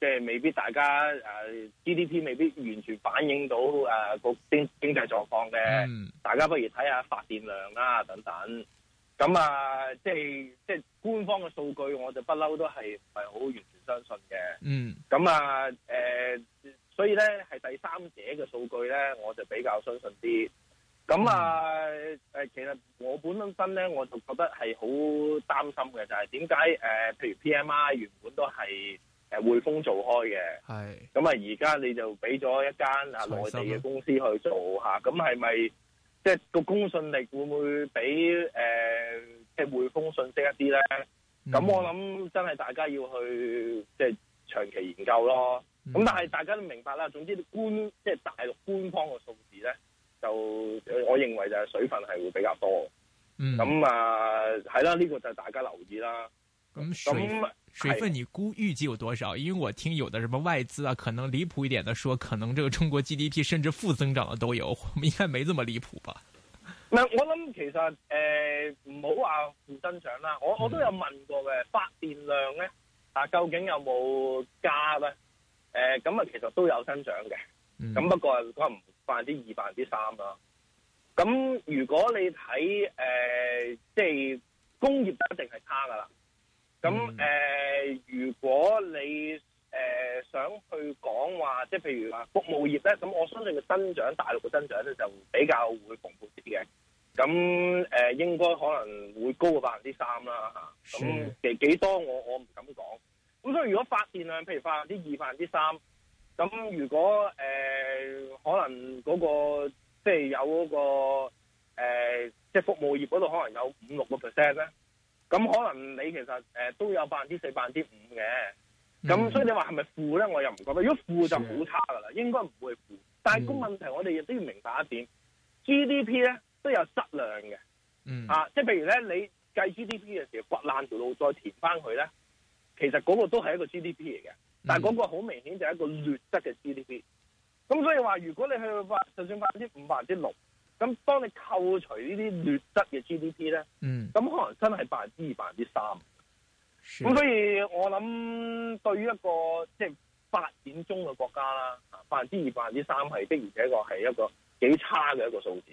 即係未必大家誒、uh, GDP 未必完全反映到誒、uh, 個經經濟狀況嘅，mm. 大家不如睇下發電量啦、啊、等等。咁啊，即係即係官方嘅數據，我就是不嬲都係唔係好完全相信嘅。嗯、mm.。咁啊，誒，所以咧係第三者嘅數據咧，我就比較相信啲。咁啊，誒、uh,，其實我本身咧，我就覺得係好擔心嘅，就係點解誒，uh, 譬如 PMI 原本都係。誒匯豐做開嘅，係咁啊！而家你就俾咗一間啊內地嘅公司去做吓，咁係咪即係個公信力會唔會俾誒即係匯豐信息一啲咧？咁、嗯、我諗真係大家要去即係、就是、長期研究咯。咁、嗯、但係大家都明白啦，總之官即係、就是、大陸官方嘅數字咧，就我認為就係水分係會比較多。咁、嗯、啊係啦，呢、這個就大家留意啦。嗯、水水分你估預計有多少？因為我聽有的什麼外資啊，可能離譜一點的說，可能這個中國 GDP 甚至負增長的都有，應該沒這麼離譜吧？我諗其實誒唔好話唔增長啦，我我都有問過嘅、嗯、發電量咧啊，究竟有冇加咧？誒咁啊，其實都有增長嘅，咁、嗯、不過可能百分之二、百分之三啦。咁如果你睇誒、呃、即係工業一定係差㗎喇。咁誒、呃，如果你誒想去講話，即係譬如話服務業咧，咁我相信嘅增長，大陸嘅增長咧就比較會蓬勃啲嘅。咁誒、呃、應該可能會高過百分之三啦，嚇。咁其幾多我我唔敢講。咁所以如果發電量譬如百分之二、百分之三，咁如果誒、呃、可能嗰、那個即係、就是、有嗰、那個即係、呃就是、服務業嗰度可能有五六個 percent 咧。咁可能你其實誒都有百分之四、百分之五嘅，咁所以你話係咪負咧？我又唔覺得，如果負就好差噶啦，應該唔會負。但係個問題，我哋亦都要明白一點，GDP 咧都有質量嘅、嗯，啊，即係譬如咧你計 GDP 嘅時候掘爛條路再填翻佢咧，其實嗰個都係一個 GDP 嚟嘅，但係嗰個好明顯就係一個劣質嘅 GDP。咁所以話如果你去就算百分之五、百分之六。6, 咁當你扣除呢啲劣質嘅 GDP 咧，嗯、咁可能真係百分之二、百分之三。咁所以我諗對於一個即係發展中嘅國家啦，百分之二、百分之三係的而且確係一個幾差嘅一個數字。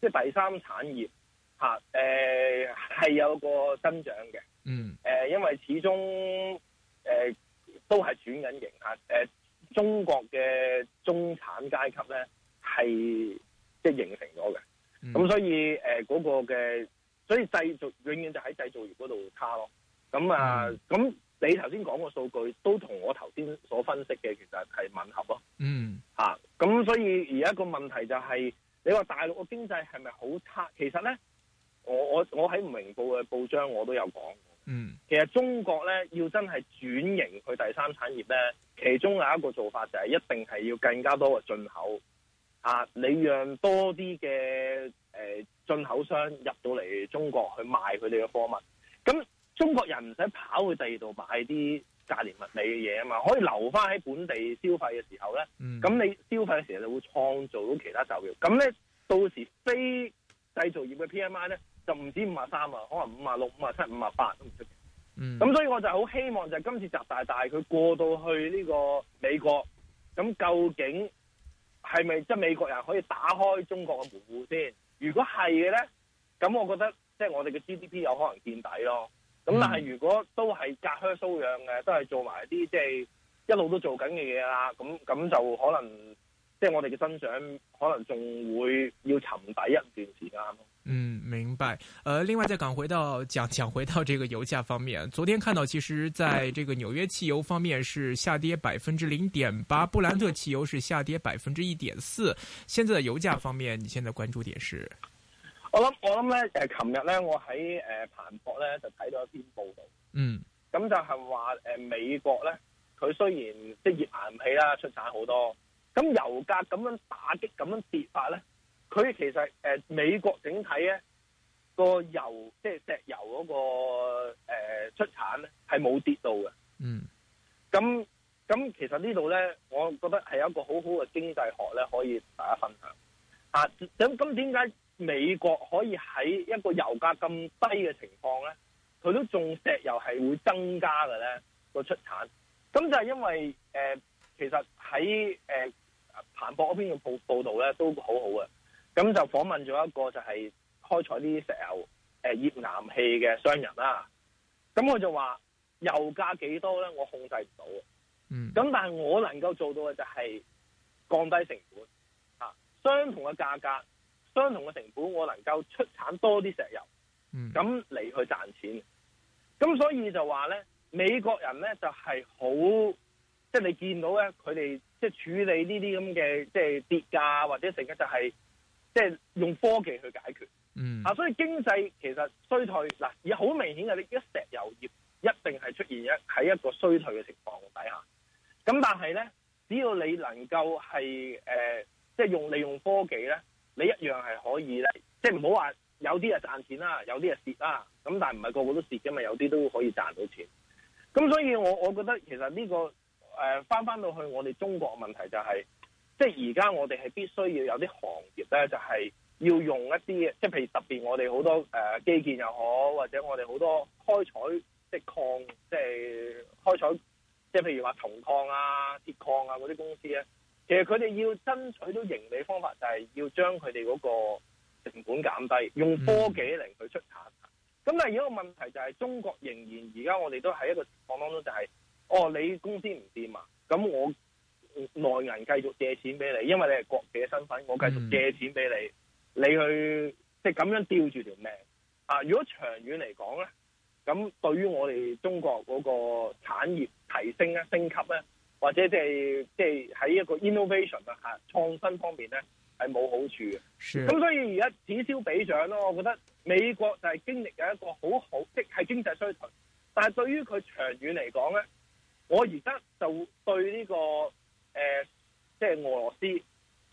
即係第三產業，吓、啊，誒、呃、係有個增長嘅，嗯，誒，因為始終，誒、呃、都係轉緊型啊，誒、呃，中國嘅中產階級咧係即係形成咗嘅，咁、嗯、所以誒嗰、呃那個嘅，所以製造永遠就喺製造業嗰度卡咯，咁啊，咁、嗯、你頭先講個數據都同我頭先所分析嘅其實係吻合咯，嗯，吓、啊，咁所以而家個問題就係、是。你話大陸嘅經濟係咪好差？其實咧，我我我喺明報嘅報章我都有講。嗯，其實中國咧要真係轉型去第三產業咧，其中有一個做法就係一定係要更加多嘅進口。啊，你讓多啲嘅誒進口商入到嚟中國去賣佢哋嘅貨物，咁中國人唔使跑去第二度買啲價廉物美嘅嘢，啊嘛，可以留翻喺本地消費嘅時候咧，咁、嗯、你消費嘅時候就會創造到其他就業，咁咧到時非製造業嘅 P M I 咧就唔止五啊三啊，可能五啊六、五啊七、五啊八都唔出奇。咁所以我就好希望就係今次習大大佢過到去呢個美國，咁究竟係咪即係美國人可以打開中國嘅門戶先？如果係嘅咧，咁我覺得即係我哋嘅 G D P 有可能見底咯。咁、嗯嗯、但係如果都係隔靴搔癢嘅，都係做埋一啲即係一路都做緊嘅嘢啦。咁咁就可能即係、就是、我哋嘅增長，可能仲會要沉底一段時間。嗯，明白。誒、呃，另外再講回到講講回到這個油價方面，昨天看到其實在這個紐約汽油方面是下跌百分之零點八，布蘭特汽油是下跌百分之一點四。現在的油價方面，你現在關注點是？我諗我諗咧，誒，琴日咧，我喺誒、呃、彭博咧就睇到一篇報道，嗯，咁就係話誒美國咧，佢雖然即係頁岩氣啦，出產好多，咁油價咁樣打擊，咁樣跌法咧，佢其實誒、呃、美國整體咧個油即係石油嗰、那個誒、呃、出產咧係冇跌到嘅，嗯，咁咁其實這裏呢度咧，我覺得係有一個很好好嘅經濟學咧，可以大家分享，吓、啊，咁咁點解？美國可以喺一個油價咁低嘅情況咧，佢都仲石油係會增加嘅咧個出產，咁就係因為誒、呃，其實喺誒、呃、彭博嗰邊嘅報報道咧都好好啊。咁就訪問咗一個就係開採呢啲石油誒頁岩氣嘅商人啦、啊，咁我就話油價幾多咧，我控制唔到，嗯，咁但係我能夠做到嘅就係降低成本，啊，相同嘅價格。相同嘅成本，我能夠出產多啲石油，咁嚟去賺錢。咁所以就話咧，美國人咧就係好，即係你見到咧，佢哋即係處理呢啲咁嘅即係跌價，或者成日就係即係用科技去解決。嗯、啊，所以經濟其實衰退嗱，而好明顯嘅，你一石油業一定係出現一喺一個衰退嘅情況底下。咁但係咧，只要你能夠係誒，即係用利用科技咧，你一樣係可以咧，即係唔好話有啲係賺錢啦，有啲係蝕啦，咁但係唔係個個都蝕嘅嘛，有啲都可以賺到錢。咁所以我我覺得其實呢、這個誒翻翻到去我哋中國嘅問題就係、是，即係而家我哋係必須要有啲行業咧，就係要用一啲嘅，即、就、係、是、譬如特別我哋好多誒、呃、基建又好，或者我哋好多開採即係礦，即係、就是、開採，即係譬如話銅礦啊、鐵礦啊嗰啲公司咧。其實佢哋要爭取到盈利方法就係要將佢哋嗰個成本減低，用科技嚟去出產。咁、嗯、但係如果個問題就係中國仍然而家我哋都喺一個情況當中，就係、是，哦你公司唔掂啊，咁我內銀繼續借錢俾你，因為你係國企嘅身份，我繼續借錢俾你，你去即係咁樣吊住條命啊！如果長遠嚟講咧，咁對於我哋中國嗰個產業提升咧、升級咧？或者即係即係喺一個 innovation 啊，吓創新方面咧係冇好處嘅。咁所以而家此消彼長咯，我覺得美國就係經歷嘅一個好好即係經濟衰退，但係對於佢長遠嚟講咧，我而家就對呢個誒即係俄羅斯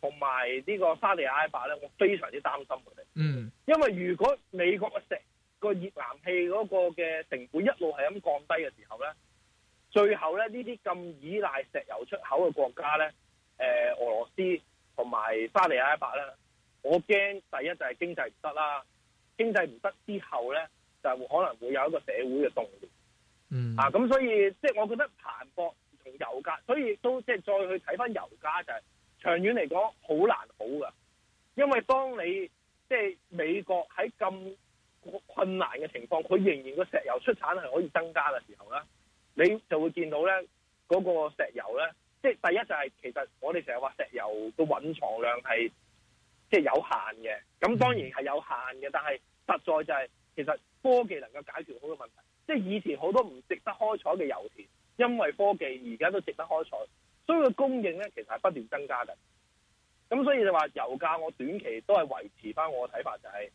同埋呢個沙地阿拉伯咧，我非常之擔心佢哋。嗯。因為如果美國嘅石個熱能氣嗰個嘅成本一路係咁降低嘅時候咧。最後咧，呢啲咁依賴石油出口嘅國家咧，誒、呃，俄羅斯同埋沙地阿拉伯啦，我驚第一就係經濟唔得啦，經濟唔得之後咧，就可能會有一個社會嘅動亂。嗯。啊，咁所以即係、就是、我覺得盤博同油價，所以都即係再去睇翻油價就係、是、長遠嚟講好難好噶，因為當你即係、就是、美國喺咁困難嘅情況，佢仍然個石油出產係可以增加嘅時候咧。你就會見到咧，嗰、那個石油咧，即第一就係、是、其實我哋成日話石油嘅蘊藏量係即係有限嘅，咁當然係有限嘅，但係實在就係、是、其實科技能夠解決好多問題，即係以前好多唔值得開採嘅油田，因為科技而家都值得開採，所以個供應咧，其實係不斷增加嘅。咁所以就話油價，我短期都係維持翻我我嘅睇法就係、是、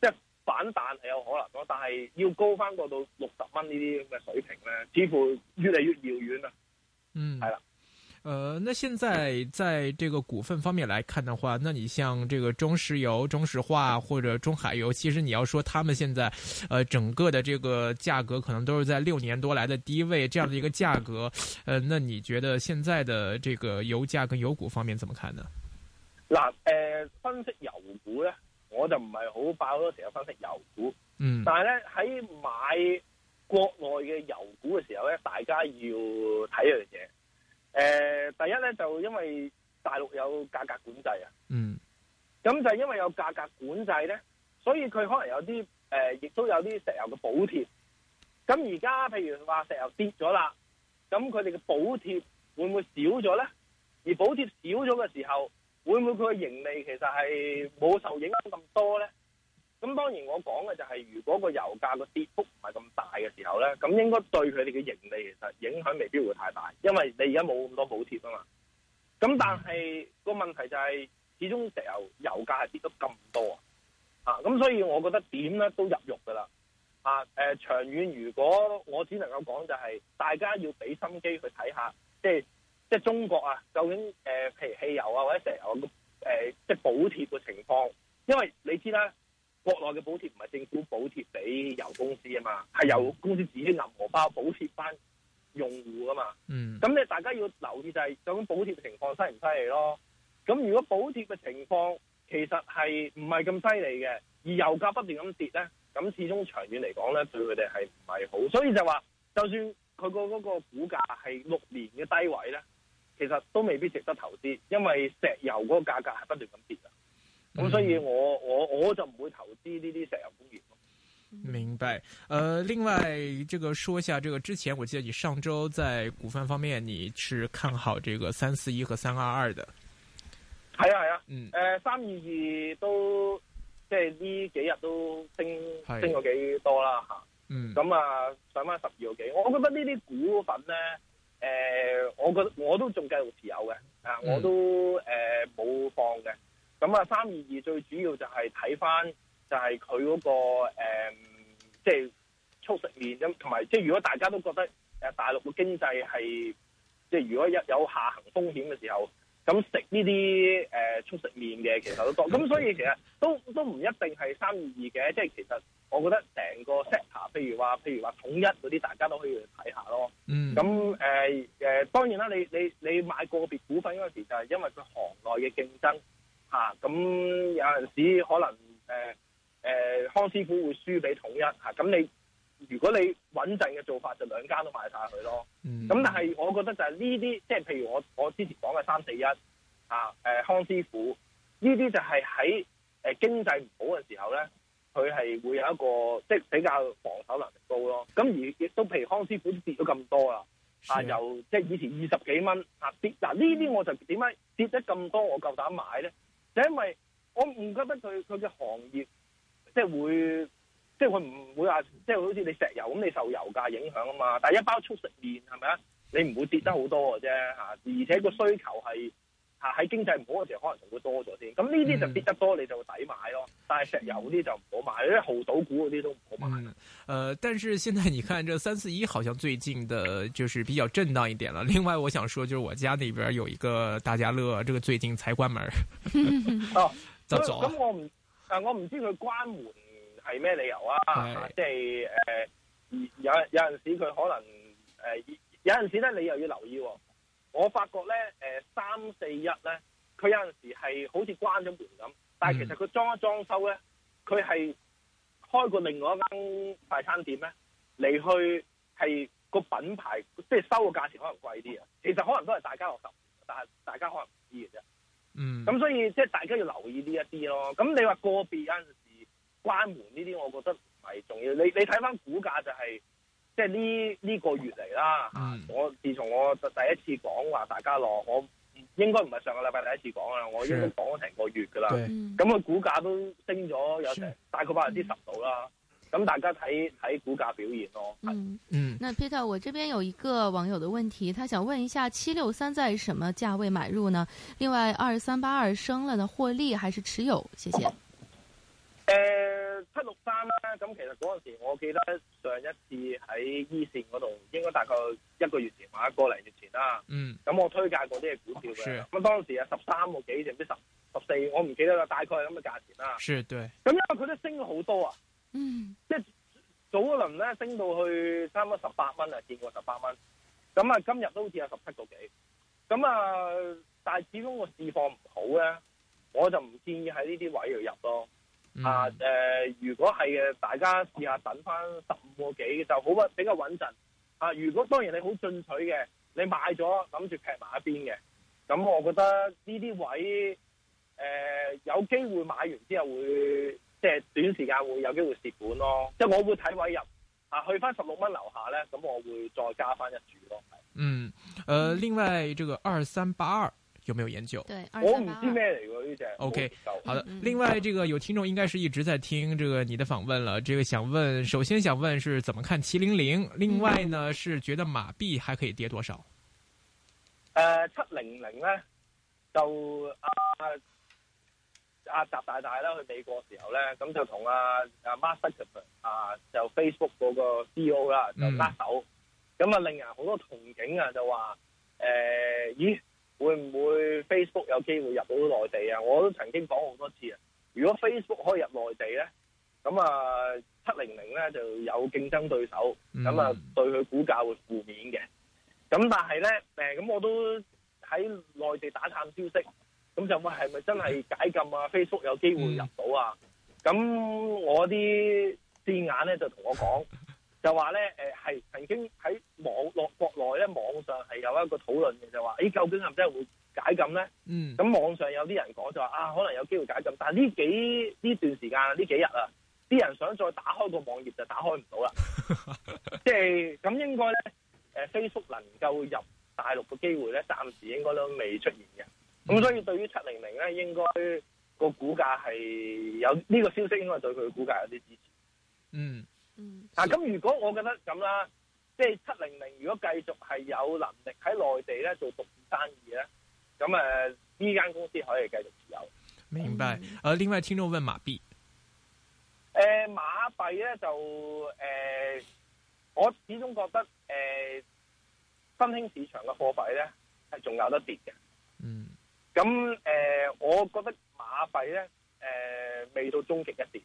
即係。反彈係有可能咯，但係要高翻過到六十蚊呢啲咁嘅水平咧，似乎越嚟越遙遠啦。嗯，係啦。呃，那現在在這個股份方面來看的話，那你像這個中石油、中石化或者中海油，其實你要說他們現在，呃，整個的這個價格可能都是在六年多來的低位，這樣的一個價格，呃，那你覺得現在的這個油價跟油股方面怎麼看呢？嗱、呃，誒、呃，分析油股咧。我就唔係好爆，好多時候分析油股。嗯，但係咧喺買國內嘅油股嘅時候咧，大家要睇一樣嘢。誒、呃，第一咧就因為大陸有價格管制啊。嗯。咁就因為有價格管制咧，所以佢可能有啲誒，亦、呃、都有啲石油嘅補貼。咁而家譬如話石油跌咗啦，咁佢哋嘅補貼會唔會少咗咧？而補貼少咗嘅時候。會唔會佢嘅盈利其實係冇受影響咁多咧？咁當然我講嘅就係，如果個油價個跌幅唔係咁大嘅時候咧，咁應該對佢哋嘅盈利其實影響未必會太大，因為你而家冇咁多補貼啊嘛。咁但係個問題就係、是，始終石油油價係跌咗咁多啊！吓咁，所以我覺得點咧都入肉噶啦。啊，誒、呃，長遠如果我只能夠講就係、是，大家要俾心機去睇下，即、就、係、是。即係中國啊，究竟誒、呃，譬如汽油啊或者石油咁、啊、誒、呃，即係補貼嘅情況，因為你知啦、啊，國內嘅補貼唔係政府補貼俾油公司啊嘛，係由公司自己拿荷包補貼翻用戶啊嘛。嗯，咁你大家要留意就係究竟補貼嘅情況犀唔犀利咯。咁如果補貼嘅情況其實係唔係咁犀利嘅，而油價不斷咁跌咧，咁始終長遠嚟講咧，對佢哋係唔係好。所以就話，就算佢個嗰個股價係六年嘅低位咧。其實都未必值得投資，因為石油嗰個價格係不斷咁跌啊，咁所以我我我就唔會投資呢啲石油工業咯。明白，誒、呃，另外，這個說一下，這個之前我記得你上周在股份方面，你是看好這個三四一和三二二的。係啊係啊，誒、啊，三二二都即係呢幾日都升、哎、升咗幾多啦吓，咁、嗯、啊上翻十二個幾，我覺得呢啲股份咧。誒、呃，我覺得我都仲繼續持有嘅，啊，我都誒冇、呃、放嘅。咁啊，三二二最主要就係睇返，就係佢嗰個誒，即係速食麵咁，同埋即係如果大家都覺得誒，大陸嘅經濟係即係如果一有下行風險嘅時候。咁食呢啲誒速食麵嘅其實都多，咁所以其實都都唔一定係三二二嘅，即係其實我覺得成個 set，譬如話譬如話統一嗰啲，大家都可以去睇下咯。嗯，咁誒誒，當然啦，你你你買個別股份嗰時就係因為佢行內嘅競爭吓，咁有陣時可能誒誒康師傅會輸俾統一吓，咁你。如果你穩陣嘅做法就兩間都買晒佢咯，咁、嗯、但係我覺得就係呢啲，即係譬如我我之前講嘅三四一啊，誒、呃、康師傅呢啲就係喺誒經濟唔好嘅時候咧，佢係會有一個即係比較防守能力高咯。咁而亦都譬如康師傅跌咗咁多啦，啊又即係以前二十幾蚊啊跌嗱，呢啲我就點解跌得咁多我夠膽買咧？就係、因為我唔覺得佢佢嘅行業即係會。即係佢唔會話，即係好似你石油咁，你受油價影響啊嘛。但係一包速食麵係咪啊？你唔會跌得好多嘅啫吓。而且個需求係吓喺經濟唔好嘅時候，可能仲會多咗啲。咁呢啲就跌得多，你就抵買咯。但係石油啲就唔好買，啲豪賭股嗰啲都唔好買。誒、嗯呃，但是現在你看，這三四一好像最近嘅，就是比較震盪一點啦。另外，我想說，就是我家裏邊有一個大家樂，這個最近才關門。 哦，咁我唔誒，我唔、呃、知佢關門。係咩理由啊？即係誒、呃，有有陣時佢可能誒、呃，有陣時咧你又要留意、哦。我發覺咧，誒三四一咧，佢有陣時係好似關咗門咁，但係其實佢裝一裝修咧，佢係開過另外一間快餐店咧。你去係個品牌，即、就、係、是、收嘅價錢可能貴啲啊。其實可能都係大家落手，但係大家可能唔知嘅啫。嗯。咁所以即係大家要留意呢一啲咯。咁你話個別有陣時。關門呢啲我覺得唔係重要，你你睇翻股價就係、是，即係呢呢個月嚟啦吓，我自從我第一次講話大家樂，我應該唔係上個禮拜第一次講啦，我應該講咗成個月噶啦，咁、那個股價都升咗有成大概百分之十到啦，咁大家睇睇股價表現咯。嗯嗯，那 Peter，我這邊有一個網友的問題，他想問一下七六三在什麼價位買入呢？另外二三八二升了呢，獲利還是持有？謝謝。誒、呃，七六三啦，咁其實嗰陣時候我記得上一次喺 E 線嗰度，應該大概一個月前或者個零月前啦。嗯，咁我推介過啲嘅股票嘅，咁、哦、當時啊十三個幾定唔知十十四，我唔記得啦，大概係咁嘅價錢啦。對。咁因為佢都升咗好多啊，嗯，即係早一輪咧升到去差唔多十八蚊啊，見過十八蚊。咁啊，今日都好似有十七個幾。咁啊，但係始終個市況唔好咧，我就唔建議喺呢啲位度入咯。嗯、啊，誒、呃，如果係嘅，大家試下等翻十五個幾就好啊，比較穩陣。啊，如果當然你好進取嘅，你買咗諗住劈埋一邊嘅，咁、嗯、我覺得呢啲位誒、呃、有機會買完之後會即係短時間會有機會蝕本咯。即係我會睇位入，啊，去翻十六蚊樓下咧，咁我會再加翻一注咯。嗯，誒、呃，另外呢個二三八二。有沒有研究？對，我唔知咩嚟㗎呢隻。OK，好的嗯嗯。另外，呢、這個有聽眾應該是一直在聽這個你的訪問了。這個想問，首先想問是怎麼看七零零？另外呢、嗯，是覺得馬幣還可以跌多少？呃，七零零咧，就阿阿習大大啦去美國時候咧，咁就同阿阿 Mark 馬斯克啊,啊,啊就 Facebook 嗰個 CEO 啦就握手，咁、嗯、啊令人好多同情啊就話，誒、呃，咦？會唔會 Facebook 有機會入到內地啊？我都曾經講好多次啊。如果 Facebook 可以入內地咧，咁啊七零零咧就有競爭對手，咁啊對佢股價會負面嘅。咁但係咧，誒咁我都喺內地打探消息，咁就問係咪真係解禁啊？Facebook 有機會入到啊？咁、嗯、我啲線眼咧就同我講。 就話咧，誒、呃、係曾經喺網內國內咧網上係有一個討論嘅，就話誒、欸、究竟係唔真係會解禁咧？嗯，咁網上有啲人講就話啊，可能有機會解禁，但係呢幾呢段時間呢幾日啊，啲人想再打開個網頁就打開唔到啦。 即係咁應該咧，誒、呃、Facebook 能夠入大陸嘅機會咧，暫時應該都未出現嘅。咁、嗯、所以對於七零零咧，應該個股價係有呢、這個消息，應該對佢嘅股價有啲支持。嗯。嗱、so, 啊，咁如果我覺得咁啦，即係七零零，如果繼續係有能力喺內地咧做獨市生意咧，咁誒呢間公司可以繼續持有。明白。嗯、另外聽眾問馬幣，誒、呃、馬幣咧就誒、呃，我始終覺得誒、呃、新興市場嘅貨幣咧係仲有得跌嘅。嗯。咁誒、呃，我覺得馬幣咧誒未到終極一跌。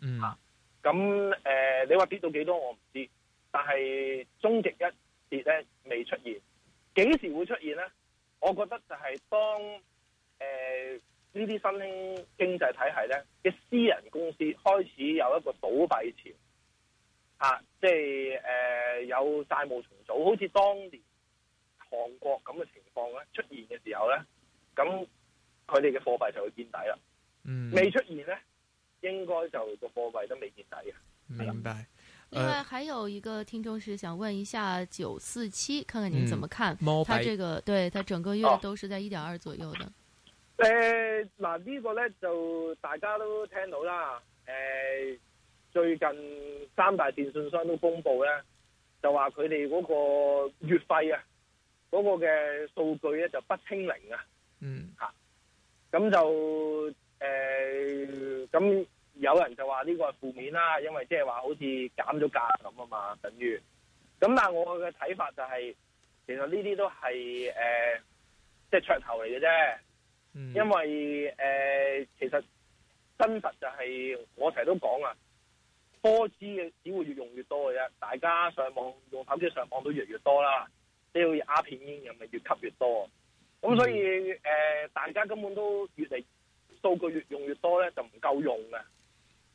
嗯。啊咁誒、呃，你話跌到幾多我唔知，但係終極一跌咧未出現，幾時會出現咧？我覺得就係當誒呢啲新興經濟體系咧嘅私人公司開始有一個倒閉潮，即、啊、係、就是呃、有債務重組，好似當年韓國咁嘅情況咧出現嘅時候咧，咁佢哋嘅貨幣就會見底啦。嗯，未出現咧。應該就個貨櫃都未見底啊！明白。另外還有一個聽眾是想問一下九四七，看看您怎麼看？嗯、他這個對他整個月都是在一點二左右的。誒、呃，嗱、這個、呢個咧就大家都聽到啦。誒、呃，最近三大電信商都公布呢，就話佢哋嗰個月費啊，嗰、那個嘅數據咧就不清零啊。嗯，吓、啊，咁就。誒、呃，咁有人就話呢個係負面啦，因為即係話好似減咗價咁啊嘛，等於咁。但係我嘅睇法就係、是，其實呢啲都係誒，即、呃、係、就是、噱頭嚟嘅啫。因為誒、呃，其實真實就係、是、我成日都講啊，科技嘅只會越用越多嘅啫。大家上網用手機上網都越越多啦，你要鴉片煙咁咪越吸越多。咁所以誒、嗯呃，大家根本都越嚟。數據越用越多咧，就唔夠用嘅。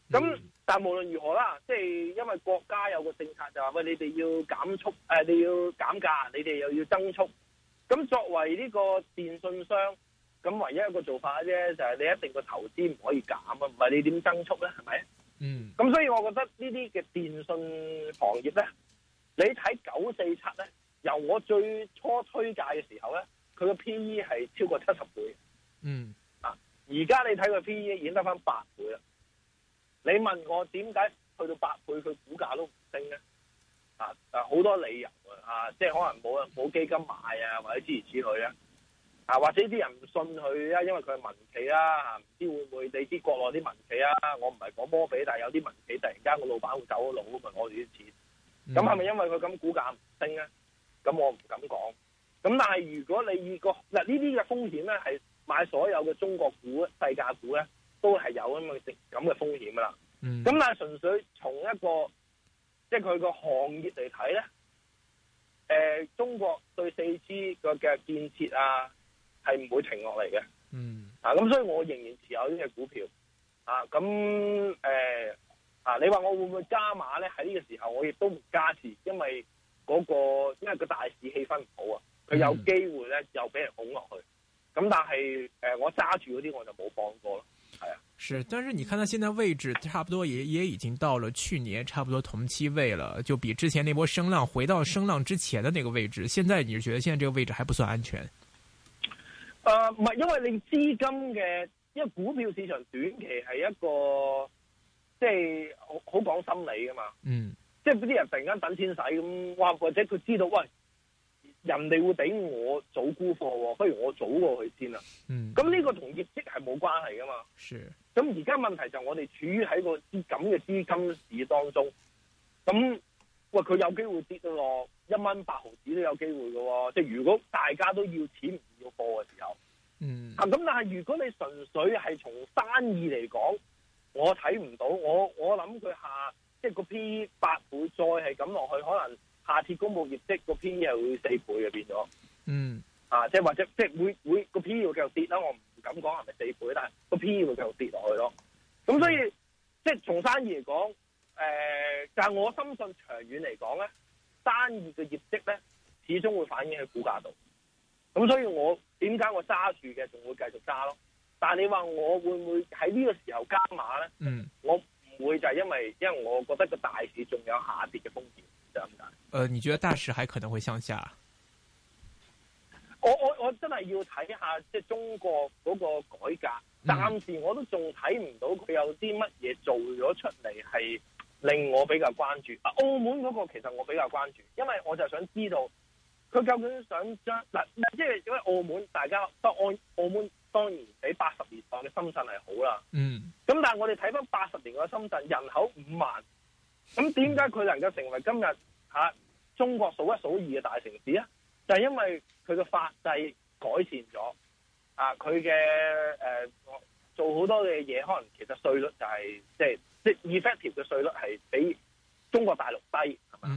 咁、嗯、但係無論如何啦，即係因為國家有個政策就話喂，你哋要減速誒，你要減價，你哋又要增速。咁作為呢個電信商，咁唯一一個做法啫，就係你一定個投資唔可以減啊，唔係你點增速咧？係咪？嗯。咁所以我覺得呢啲嘅電信行業咧，你睇九四七咧，由我最初推介嘅時候咧，佢個 PE 係超過七十倍。嗯。而家你睇個 P E 已經得翻八倍啦，你問我點解去到八倍佢股價都唔升咧？啊，啊好多理由啊，啊即係可能冇人冇基金買啊，或者諸如此類咧、啊。啊，或者啲人唔信佢啊，因為佢係民企啦、啊，唔、啊、知道會唔會你啲國內啲民企啊，我唔係講波比，但係有啲民企突然間個老闆會走佬，咪我哋啲錢。咁係咪因為佢咁股價唔升咧？咁我唔敢講。咁但係如果你以個嗱呢啲嘅風險咧係。是買所有嘅中國股、世界股咧，都係有咁嘅風險噶啦。咁、嗯、但係純粹從一個即係佢個行業嚟睇咧，誒、呃，中國對四 G 個嘅建設啊，係唔會停落嚟嘅。嗯、啊，咁所以我仍然持有呢隻股票。啊，咁誒、呃，啊，你話我會唔會加碼咧？喺呢個時候，我亦都唔加持，因為嗰個因為個大市氣氛唔好啊，佢有機會咧又俾人哄落去。咁但係，誒，我揸住嗰啲我就冇放過咯。係啊，是，但是你睇到現在位置，差不多也也已經到了去年差不多同期位了，就比之前那波升浪回到升浪之前的那個位置。現在你就覺得現在這個位置還不算安全？誒，唔係，因為你資金嘅，因為股票市場短期係一個即係好好講心理噶嘛。嗯。即係嗰啲人突然間等錢使咁，或或者佢知道喂。人哋會俾我早沽貨，不如我早過佢先啦。嗯，咁呢個同業績係冇關係噶嘛？係。咁而家問題就係我哋處於喺個啲咁嘅資金市當中，咁喂佢有機會跌到落一蚊八毫紙都有機會嘅喎。即係如果大家都要錢唔要貨嘅時候，嗯，咁啊但係如果你純粹係從生意嚟講，我睇唔到，我我諗佢下即係個 P 八會再係咁落去，可能。下跌，公佈業績個 P E 係會四倍嘅變咗。嗯，啊，即係或者即係會會個 P E 會繼續跌啦。我唔敢講係咪四倍，但係個 P E 會繼續跌落去咯。咁所以即係從生意嚟講，但、呃、就係、我深信長遠嚟講咧，生意嘅業績咧始終會反映喺股價度。咁所以我，我點解我揸住嘅仲會繼續揸咯？但係你話我會唔會喺呢個時候加碼咧？嗯，我唔會就係因為因為我覺得個大市仲有下跌嘅風險。誒、呃，你覺得大市還可能會向下？我我我真係要睇一下，即係中國嗰個改革，暫時我都仲睇唔到佢有啲乜嘢做咗出嚟，係令我比較關注。啊，澳門嗰個其實我比較關注，因為我就想知道佢究竟想將嗱，即係因為澳門大家不安，澳門當然比八十年代嘅深圳係好啦。嗯，咁但係我哋睇返八十年嘅深圳，人口五萬，咁點解佢能夠成為今日？吓、啊，中國數一數二嘅大城市啊，就係、是、因為佢嘅法制改善咗，啊，佢嘅誒，做好多嘅嘢，可能其實稅率就係即係即係 effective 嘅稅率係比中國大陸低，係嘛？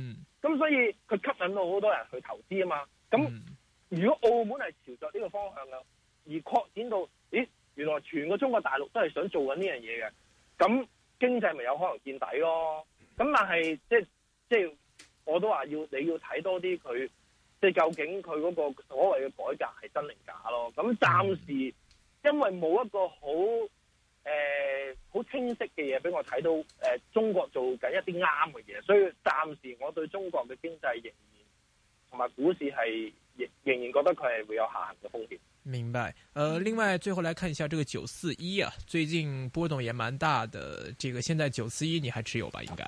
咁、嗯、所以佢吸引到好多人去投資啊嘛。咁如果澳門係朝着呢個方向啊，而擴展到咦，原來全個中國大陸都係想做緊呢樣嘢嘅，咁經濟咪有可能見底咯。咁但係即係即係。我都話要你要睇多啲佢，即係究竟佢嗰個所謂嘅改革係真定假咯。咁、嗯、暫時因為冇一個好誒好清晰嘅嘢俾我睇到，誒、呃、中國做緊一啲啱嘅嘢，所以暫時我對中國嘅經濟仍然同埋股市係仍仍然覺得佢係會有下行嘅風險。明白。誒、呃，另外最後來看一下這個九四一啊，最近波動也蠻大的。這個現在九四一你還持有吧？應該。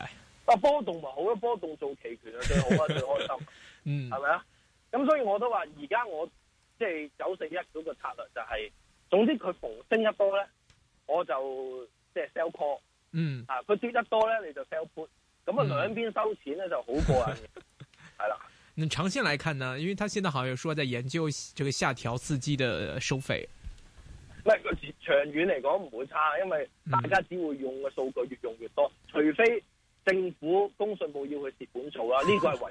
波動咪好咯，波動做期權啊最好啊最開心， 嗯吧，係咪啊？咁所以我都話而家我即係九四一嗰個策略就係、是，總之佢逢升一波咧，我就即係、就是、sell call，嗯，啊，佢跌得多咧，你就 sell put，咁啊兩邊收錢咧就好過癮，係 啦。你長線嚟看呢？因為他現在好像說在研究這個下調司機的收費，咪個長遠嚟講唔會差，因為大家只會用嘅數據越用越多，除非。政府工信部要去接管做啦，呢個係唯一。